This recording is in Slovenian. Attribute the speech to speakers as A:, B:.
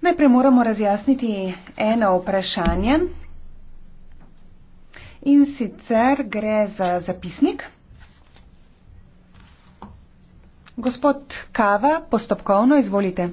A: Najprej moramo razjasniti eno vprašanje in sicer gre za zapisnik. Gospod Kava, postopkovno izvolite.